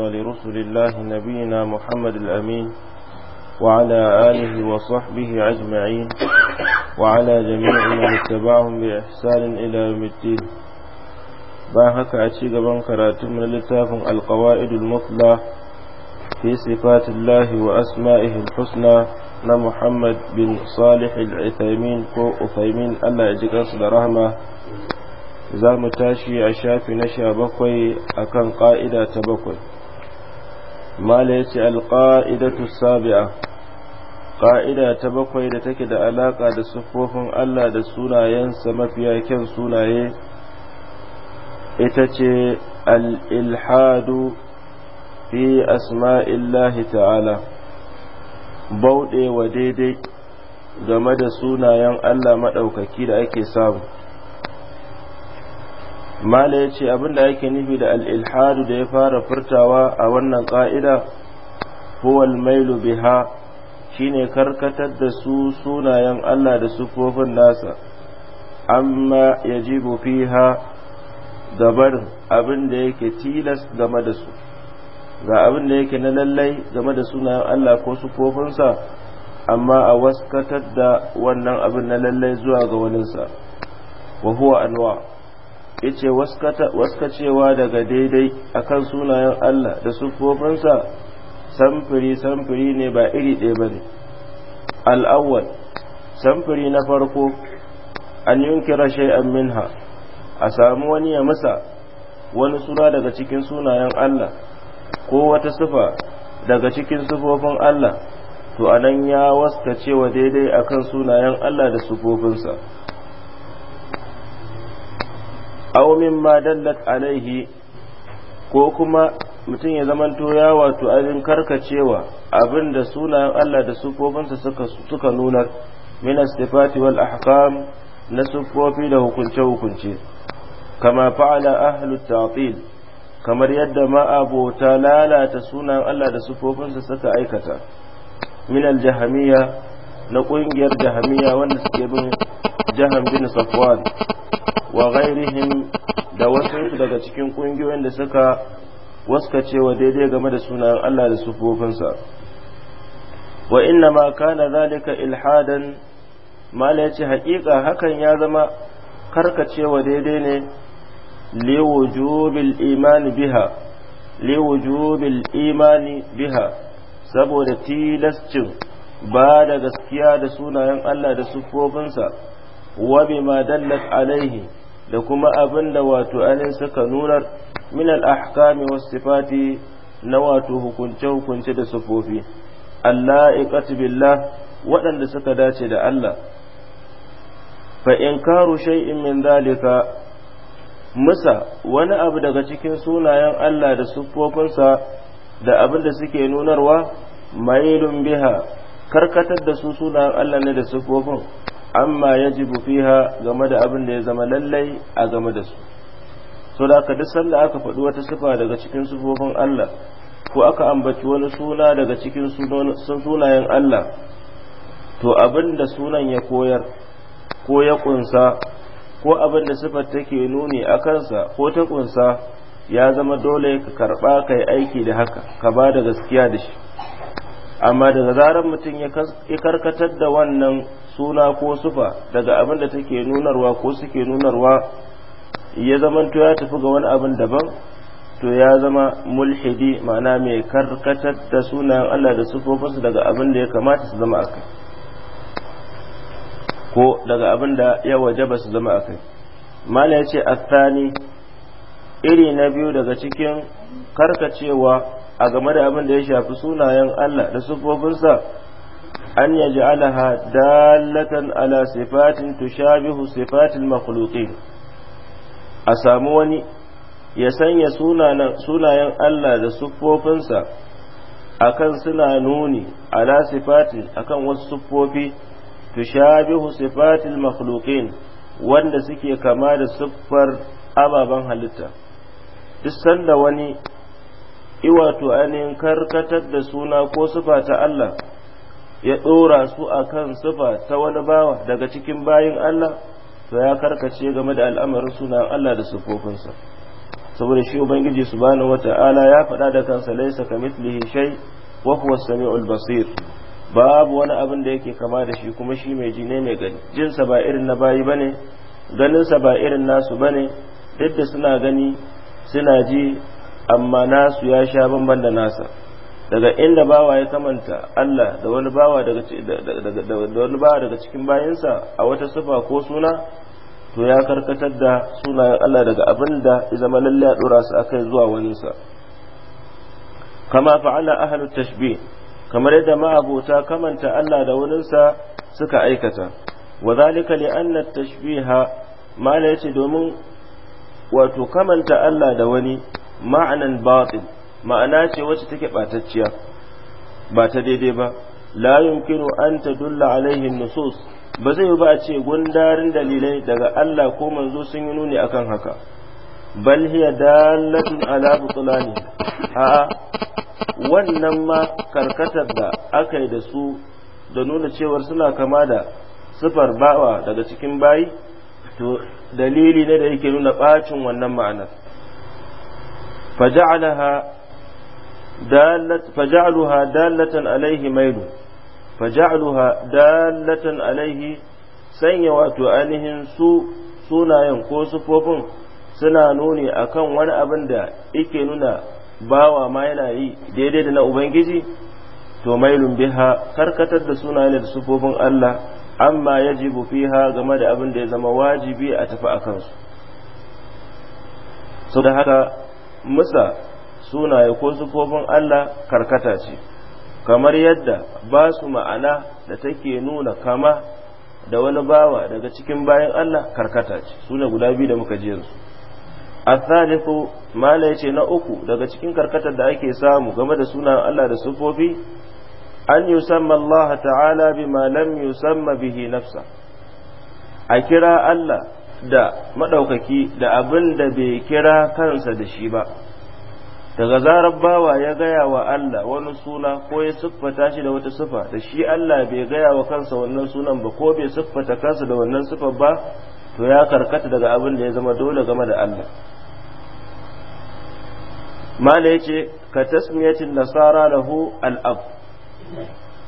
أفضل رسل الله نبينا محمد الأمين وعلى آله وصحبه أجمعين وعلى جميع من اتبعهم بإحسان إلى يوم الدين باهك أتشيق بنكرات من لتاف القوائد المطلى في صفات الله وأسمائه الحسنى لمحمد بن صالح العثيمين كو أثيمين ألا يجيك أصل رحمة za mu tashi a shafi na sha bakwai akan ƙa'ida ta bakwai mala ya ce alƙa'idatu sabi'a ƙa'ida ta bakwai da take da alaƙa da siffofin Allah da sunayensa mafiya kyan sunaye ita ce al'ilhadu fi asma'illahi ta'ala bauɗe wa daidai game da sunayen Allah maɗaukaki da ake samu mala ya ce abin da yake nufi da al'ilhadu da ya fara furtawa a wannan ƙa'ida huwal mailu biha shine karkatar da su sunayen Allah da sufofin nasa amma ya jibo fiha gabar abin da yake tilas game da su ga abin da yake na lallai game da sunayen Allah ko sufofinsa amma a waskatar da wannan abin na lallai zuwa ga waninsa wa huwa anwa' yace waskacewa daga daidai akan sunayen Allah da sufofinsa samfuri samfuri ne ba iri ɗaya bane al'awwal samfuri na farko an yunkira shay'an minha a samu wani ya masa wani suna daga cikin sunayen Allah ko wata sifa daga cikin sufofin Allah to anan ya waskacewa daidai akan sunayen Allah da sufofinsa. aw ma dallat alaihi ko kuma mutum ya zamanto ya wato abin karkacewa abin da sunayen Allah da sufofinsa suka suka nunar min sifati wal ahkam na sufofi da hukunce hukunce kama fa'ala ahlu ta'til kamar yadda ma'abota lalata sunan Allah da sufofinsa suka aikata min al jahamiya na kungiyar jahmiya wanda suke bin jaham bin safwan wa gairihin da wasu daga cikin kungiyoyin da suka waskacewa daidai game da sunayen Allah da sufofinsa wa inna ma kana zalika ilhadan mala yace hakan ya zama wa daidai ne jubil imani biha jubil imani biha saboda tilascin ba da gaskiya da sunayen Allah da sufofinsa wa bima dallat alaihi da kuma abin da wato anin suka nunar min al-ahkami wa sifati na wato hukunce hukunce da sufofi alla'iqat billah waɗanda suka dace da Allah fa in karu shay'in min dalika musa wani abu daga cikin sunayen Allah da sufofinsa da abin da suke nunarwa mailun biha karkatar da su sunayen Allah ne da sufofin amma yajibu fiha game da abin da ya zama lallai a game da su so da aka duk sallah aka faɗi wata sifa daga cikin sifofin Allah ko aka ambaci wani suna daga cikin sunayen Allah to abin da sunan ya koyar ko ya kunsa ko abin da sifar take nuni a kansa ko ta kunsa ya zama dole ka karɓa ka yi aiki da haka ka ba da gaskiya da shi amma daga zarar mutum ya karkatar da wannan suna ko sufa daga abin da take nunarwa ko suke nunarwa ya zama to ya tafi ga wani abin daban to ya zama mulhidi ma'ana mai karkatar da sunayen Allah da sufofinsu daga abin da ya kamata su zama akai ko daga abin da ya waje ba su zama akai mala ya ce iri na biyu daga cikin karkacewa a game da abin da ya shafi sunayen Allah da sufofinsa أن يجعلها دالة على صفات تشابه صفات المخلوقين أساموني يسن يسونا سنايا ألا لسفو فنسا أكن سنا نوني على صفات أكن والسفو في تشابه صفات المخلوقين wanda سكي كمال da أبا ababen halitta duk sanda wani iwato ainihin karkatar da الله ya ɗora su a kan sufa ta wani bawa daga cikin bayin Allah to ya karkace game da al'amarin sunan Allah da sufofinsa saboda shi ubangiji subhanahu wata'ala ya faɗa da kansa laisa kamithlihi shay wa huwa as-sami'ul basir babu wani abin da yake kama da shi kuma shi mai ji ne mai gani jinsa ba irin na bayi bane ganinsa ba irin nasu bane duk da suna gani suna ji amma nasu ya sha bamban da nasa daga inda bawa ya samanta Allah da wani bawa daga cikin bayansa a wata sifa ko suna to ya karkatar da sunayen Allah daga abin da ya zama lalle ya dora su akai zuwa waninsa kama fa'ala ahlu tashbih kamar yadda ma'abota kamanta Allah da waninsa suka aikata wa zalika li anna tashbiha mala yace domin wato kamanta Allah da wani ma'anan batil ma'ana ce wacce take batacciya ba ta daidai ba la yumkinu an dulla alaihin nusus ba zai ba a ce gundarin dalilai daga Allah ko manzo sun yi nuni akan haka bal hiya dalatun ala butlani a wannan ma karkatar da aka yi da su da nuna cewar suna kama da sifar bawa daga cikin bayi to dalili ne da yake nuna bacin wannan ma'anar ja'alaha دالة فجعلها دالة عليه ميل فجعلها دالة عليه sanya wato ainihin su sunayen ko sufofin suna nuni akan wani abin da yake nuna bawa ma yana daidai da na ubangiji to mailun biha karkatar da sunayen da sufofin Allah amma yajibu fiha game da abin da ya zama wajibi a tafi a kansu so da haka musa sunaye ko sufofin Allah karkata ce kamar yadda ba su ma'ana da take nuna kama da wani bawa daga cikin bayan Allah karkata ce suna guda biyu da muka ji yanzu athalithu mala yace na uku daga cikin karkatar da ake samu game da sunan Allah da sufofi an yusamma Allah ta'ala bima lam yusamma bihi nafsa a kira Allah da madaukaki da abin da bai kira kansa da shi ba daga zarar bawa ya gaya wa Allah wani suna ko ya siffata shi da wata sifa da shi Allah bai gaya wa kansa wannan sunan ba ko bai siffata kansa da wannan sifa ba to ya karkata daga abin da ya zama dole game da Allah mala yace ka tasmiyatin nasara lahu al-ab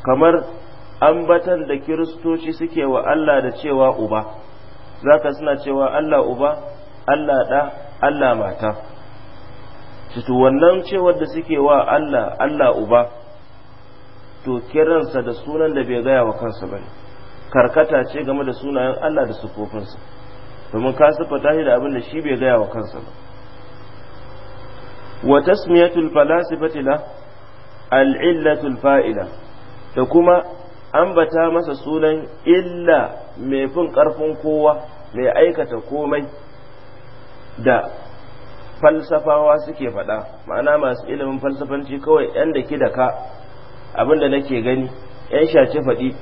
kamar ambatan da kiristoci suke wa Allah da cewa uba zaka suna cewa Allah uba Allah da Allah mata to wannan cewar da suke wa Allah Allah uba to kiransa da sunan da bai gaya wa kansa bane karkata ce game da sunayen Allah da sufofinsa domin ka siffata shi da abin da shi bai gaya wa kansa ba wa tasmiyatul falasifati la al fa'ila da kuma ambata masa sunan illa mai fin karfin kowa mai aikata komai da falsafawa suke faɗa ma'ana masu ilimin falsafanci kawai yan da ke da ka abin da nake gani yan shace faɗi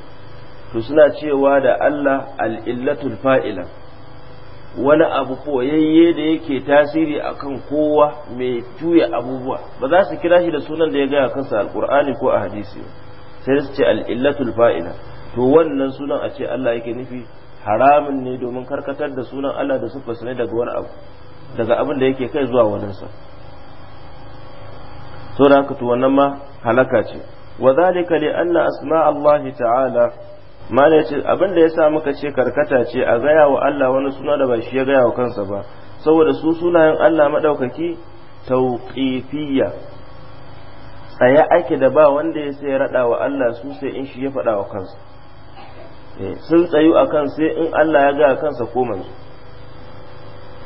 to suna cewa da Allah al'illatul fa'ila wani abu koyayye da yake tasiri akan kowa mai juya abubuwa ba za su kira shi da sunan da ya gaya kansa alkur'ani ko a hadisi sai su ce al'illatul fa'ila to wannan sunan a ce Allah yake nufi haramun ne domin karkatar da sunan Allah da su fasane daga wani abu daga abin da yake kai zuwa waninsa to da haka to wannan ma halaka ce wa zalika li anna asma Allah ta'ala mala yace abin da yasa muka ce karkata ce a gaya wa Allah wani suna da ba shi ya gaya wa kansa ba saboda su sunayen Allah madaukaki tauqifiyya tsaya ake da ba wanda ya sai raɗa wa Allah su sai in shi ya faɗa wa kansa eh, sun tsayu akan sai in Allah ya ga kansa ko manzo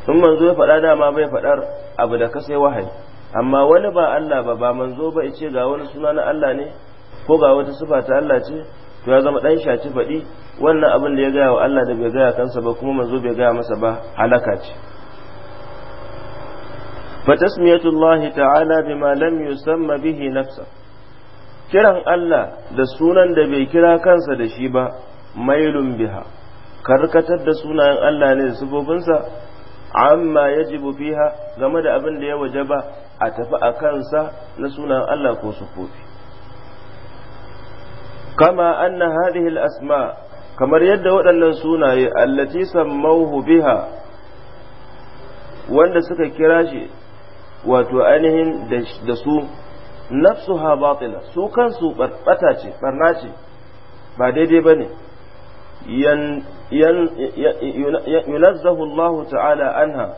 sun manzo ya faɗa dama bai faɗar abu da kasai wahayi amma wani ba Allah ba ba manzo ba ce ga wani suna na Allah ne ko ga wata sifa ta Allah ce to ya zama dan shaci faɗi wannan abin da ya gaya wa Allah da bai gaya kansa ba kuma manzo bai gaya masa ba halaka ce fatasmiyatu Allah ta'ala bima lam yusamma bihi nafsa kiran Allah da sunan da bai kira kansa da shi ba mailun biha karkatar da sunayen Allah ne da sifofinsa amma yajibu fiha game da abin da ya wajaba a tafi a kansa na sunan Allah ko sufofi kama anna hadhihi al-asma kamar yadda waɗannan sunaye allati sammauhu biha wanda suka kira shi wato ainihin da su ha batila su kansu barbata ce barna ce ba daidai bane yan yunazzahu Allah ta'ala anha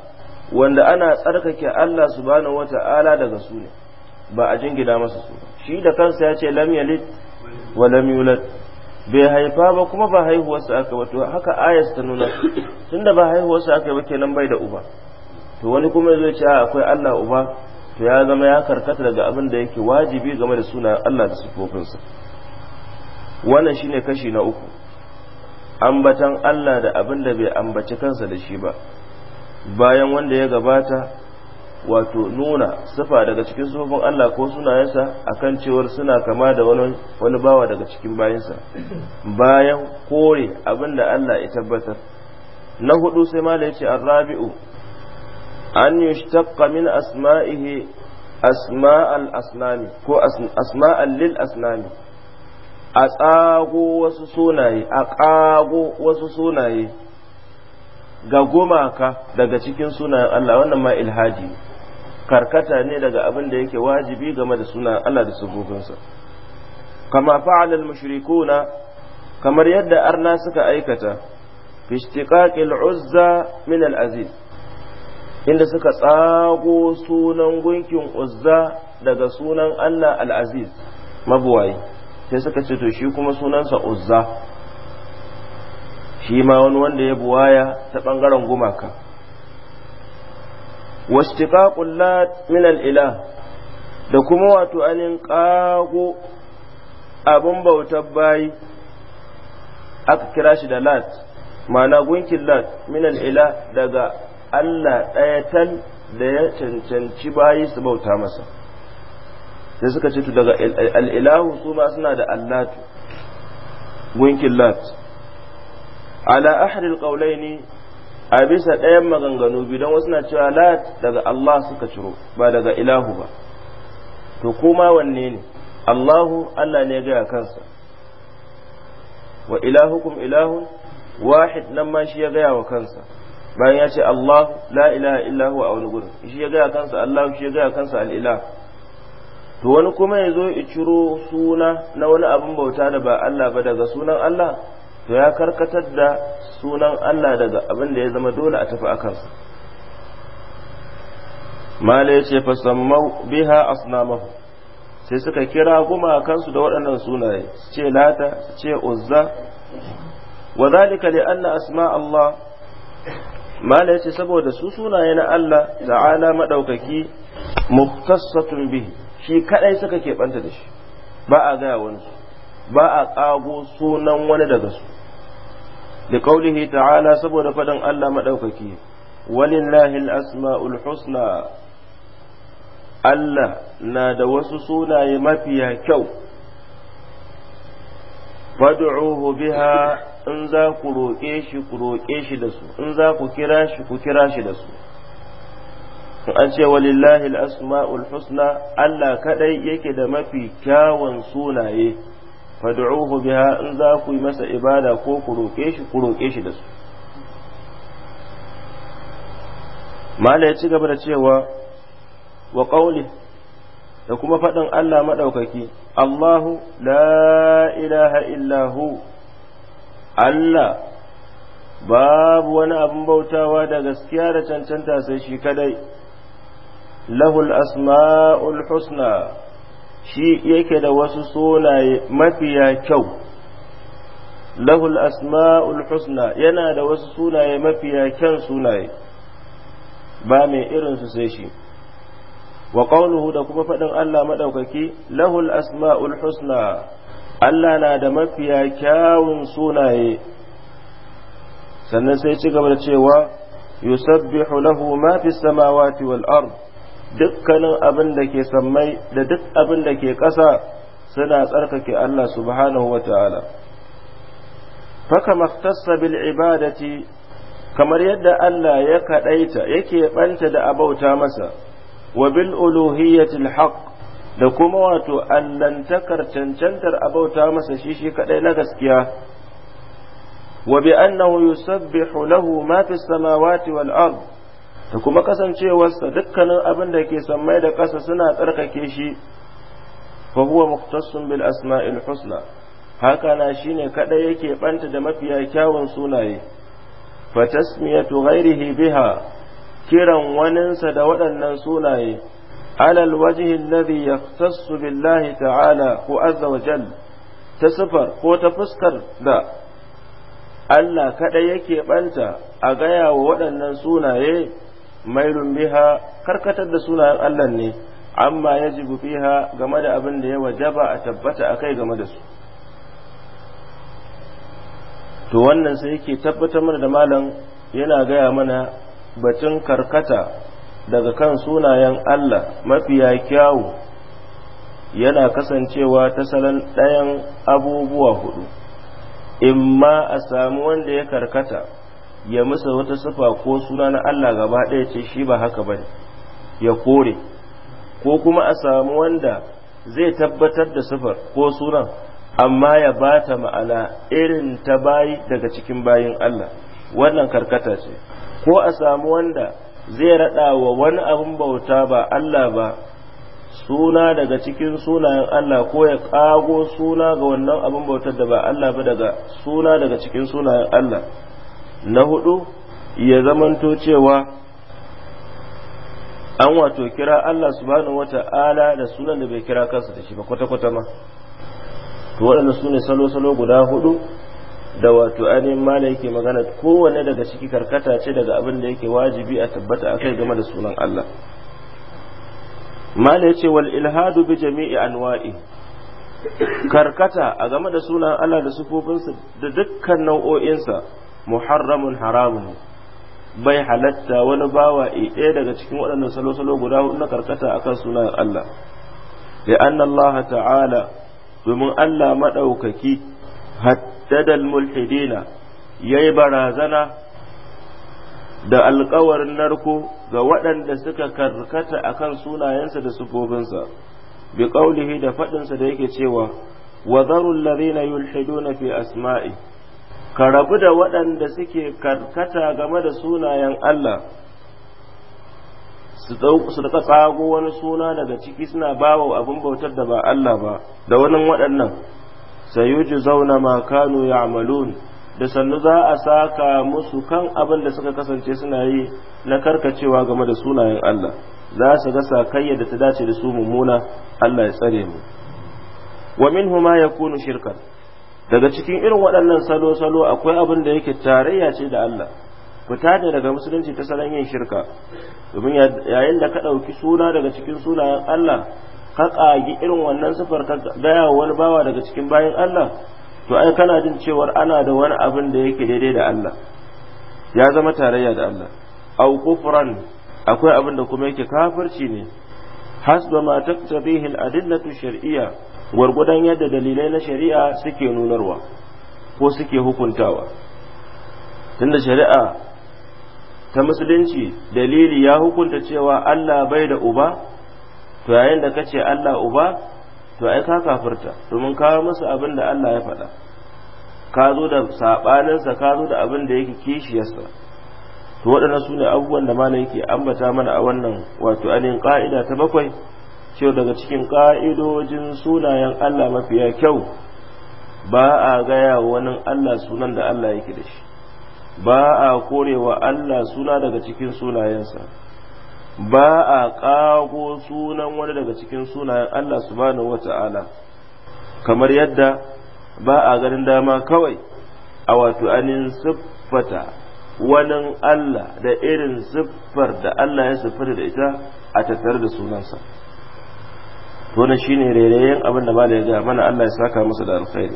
wanda ana tsarkake Allah subhanahu wata'ala daga su ne ba a gida masa su shi da kansa ya ce lam yalid wa lam yulad bai haifa ba kuma ba haihuwar sa aka ba to haka ayas ta nuna tunda ba haihuwar sa aka ba nan bai da uba to wani kuma zai ce akwai Allah uba to ya zama ya karkata daga abin da yake wajibi game da sunan Allah da sifofinsa wannan shine kashi na uku ambatan Allah da abin da bai ambaci kansa da shi ba bayan wanda ya gabata wato nuna sifa daga cikin sufofin Allah ko sunayensa akan cewar suna kama da wani bawa daga cikin bayansa bayan kore abin da Allah ya tabbatar na hudu sai ma da yace rabi'u an yushtaqqa min asma'ihi asma'al asnami ko asma'al lil asnami a tsago wasu sunaye a ƙago wasu sunaye ga gumaka daga cikin sunayen Allah wannan ma ilhaji karkata ne daga abin da yake wajibi game da sunayen Allah da sufofinsa kama fa'alal mushrikuna kamar yadda arna suka aikata fi uzza min al aziz inda suka tsago sunan gunkin uzza daga sunan Allah al aziz mabuwayi sai suka ce to shi kuma sunansa uzza shi ma wani wanda ya buwaya ta ɓangaren gumaka wastiqaqul lat min al da kuma wato anin ƙago abin bautar bayi aka kira shi da lat mana gunkin lat min al daga Allah ɗaya tal da ya cancanci bayi su bauta masa sai suka ce daga al'ilahu su ma suna da allatu gunkin lat ala ahril ne a bisa ɗayan maganganu biyu don wasu na cewa lat daga Allah suka ciro ba daga ilahu ba to kuma wanne ne Allahu Allah ne gaya kansa wa ilahukum ilahun wahid nan ma shi ya gaya wa kansa bayan ya ce Allah la ilaha illahu a wani gurin shi ya gaya kansa Allah shi ya gaya kansa al to wani kuma ya zo ya ciro suna na wani abin bauta da ba Allah ba daga sunan Allah to ya karkatar da sunan Allah daga abin da ya zama dole a tafi a kansa mala ya ce fasammau biha asnamahu sai suka kira gumakansu da waɗannan sunaye su ce lata su ce uzza wa zalika li anna asma Allah mala ya ce saboda su sunaye na Allah ta'ala madaukaki muhtassatun bihi shi kadai suka keɓanta da shi ba a gaya wani su ba a ƙago sunan wani daga su da ƙaunihi ta'ala saboda faɗin Allah maɗaukaki walillahi asma'ul husna Allah na da wasu sunaye mafiya kyau fad'uhu biha in za ku roƙe shi ku roƙe shi da su in za ku kira shi ku kira shi da su in an ce walillahi al-asma'ul husna Allah kadai yake da mafi kyawun sunaye fad'uhu biha in za ku yi masa ibada ko ku roke shi ku shi da su mala ya ci gaba da cewa wa ƙauli da kuma faɗin Allah maɗaukaki Allahu la ilaha illahu Allah babu wani abin bautawa da gaskiya da cancanta sai shi kadai lahul asma'ul husna shi yake da wasu sunaye mafiya kyau lahul asma'ul husna yana da wasu sunaye mafiya kyan sunaye ba mai su sai shi wa qawluhu da kuma faɗin Allah maɗaukaki lahul asma'ul husna Allah na da mafiya kyawun sunaye sannan sai ci gaba da cewa yusabbihu lahu ma fis samawati wal ard dukkanin abin da ke sammai da duk abin da ke ƙasa suna tsarkake Allah subhanahu wa ta'ala. Faka maftassa bil ibadati kamar yadda Allah ya kaɗaita yake ɓanta da abauta masa, wa bil uluhiyyatil haq da kuma wato allantakar cancantar abauta masa shi shi kaɗai na gaskiya, wa bi annahu yusabbihu lahu ma fi samawati wal ard da kuma kasancewarsa dukkanin abin da ke sammai da ƙasa suna tsarkake shi fa huwa bil asma'il husna haka na shine kada yake banta da mafiya kyawun sunaye fa tasmiyatu ghairihi biha kiran waninsa da waɗannan sunaye alal wajhi alladhi yahtassu billahi ta'ala ko azza wa jal ta sifar ko ta fuskar da Allah kada yake banta a gaya wa waɗannan sunaye mailun biha karkatar da sunayen Allah ne amma yajibu fiha game da abin da ya wajaba a tabbata akai game da su to wannan sai yake tabbatar mana da malam yana gaya mana batun karkata daga kan sunayen Allah mafiya kyawu yana kasancewa ta salon ɗayan abubuwa hudu imma a samu wanda ya karkata ya masa wata sifa ko suna na Allah gaba ɗaya ce shi ba haka bane ya kore ko kuma a samu wanda zai tabbatar da sifar ko sunan amma ya ba ta ma'ana irin ta bayi daga cikin bayin Allah wannan karkata ce ko a samu wanda zai raɗa wa wani abin bauta ba Allah ba suna daga cikin sunayen Allah ko ya ƙago suna ga wannan abin bautar da ba Allah ba daga suna daga cikin sunayen Allah na hudu ya zamanto cewa an wato kira Allah subhanahu wata'ala da sunan da bai kira kansa da shi ba kwata-kwata ma to waɗanda su salo-salo guda hudu da wato ainihin mala yake magana kowane daga ciki karkata ce daga abin da yake wajibi a tabbata akai game da sunan Allah mala yace wal ilhadu bi jami'i anwa'i karkata a game da sunan Allah da sufofinsa da dukkan nau'o'insa muharramun haramun bai halatta wani bawa ɗaya daga cikin waɗannan salo-salo guda hudu na karkata akan sunan Allah li'anna Allah ta'ala domin Allah maɗaukaki haddadal mulhidina yayi barazana da alkawarin narko ga waɗanda suka karkata akan sunayensa da sufofinsa bi qaulihi da faɗinsa da yake cewa wa dharul ladhina yulhiduna fi asma'i ka rabu da waɗanda suke karkata game da sunayen Allah su daga tsago wani suna daga ciki suna bawa abin bautar da ba Allah ba da wani waɗannan ji zauna makanu ya amalun da sannu za a saka musu kan abin da suka kasance suna yi na karkacewa game da sunayen Allah za su ga sakayya da ta dace da su mummuna Allah ya tsare mu wa huma ya yakunu shirkan daga cikin irin waɗannan salo-salo akwai abin da yake tarayya ce da Allah fita ne daga musulunci ta salon yin shirka domin yayin da ka ɗauki suna daga cikin sunayen Allah ka ƙagi irin wannan siffar ka gaya wa wani bawa daga cikin bayan Allah to ai kana jin cewar ana da wani abin da yake daidai da Allah ya zama tarayya da Allah au kufran akwai abin da kuma yake kafirci ne hasba ma al-adillatu shar'iyya gwargwadon yadda dalilai na shari'a suke nunarwa ko suke hukuntawa tunda shari'a ta musulunci dalili ya hukunta cewa Allah bai da uba to yayin da kace Allah uba to ai ka kafirta domin kawo musu abin da Allah ya faɗa ka zo da saɓaninsa ka zo da abin da yake kishiyarsa to waɗannan su ne abubuwan da mana yake ambata mana a wannan wato ainihin ƙa'ida ta bakwai cewa daga cikin ƙa'idojin sunayen Allah mafiya kyau ba a gaya wani Allah sunan da Allah yake da shi ba a korewa Allah suna daga cikin sunayensa ba a ƙago sunan wani daga cikin sunayen Allah subhanahu wata'ala kamar yadda ba a ganin dama kawai a wato anin siffata wani Allah da irin siffar da Allah ya siffar da ita a tattare da sunansa to shi shine rereyen abin da ya ga mana Allah ya saka masa da alkhairi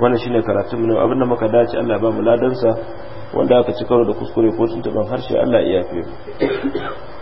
wannan shine karatun mu abin da muka dace Allah ya ba mu ladansa wanda aka ci karo da kuskure ko tuntuban harshe Allah ya yafe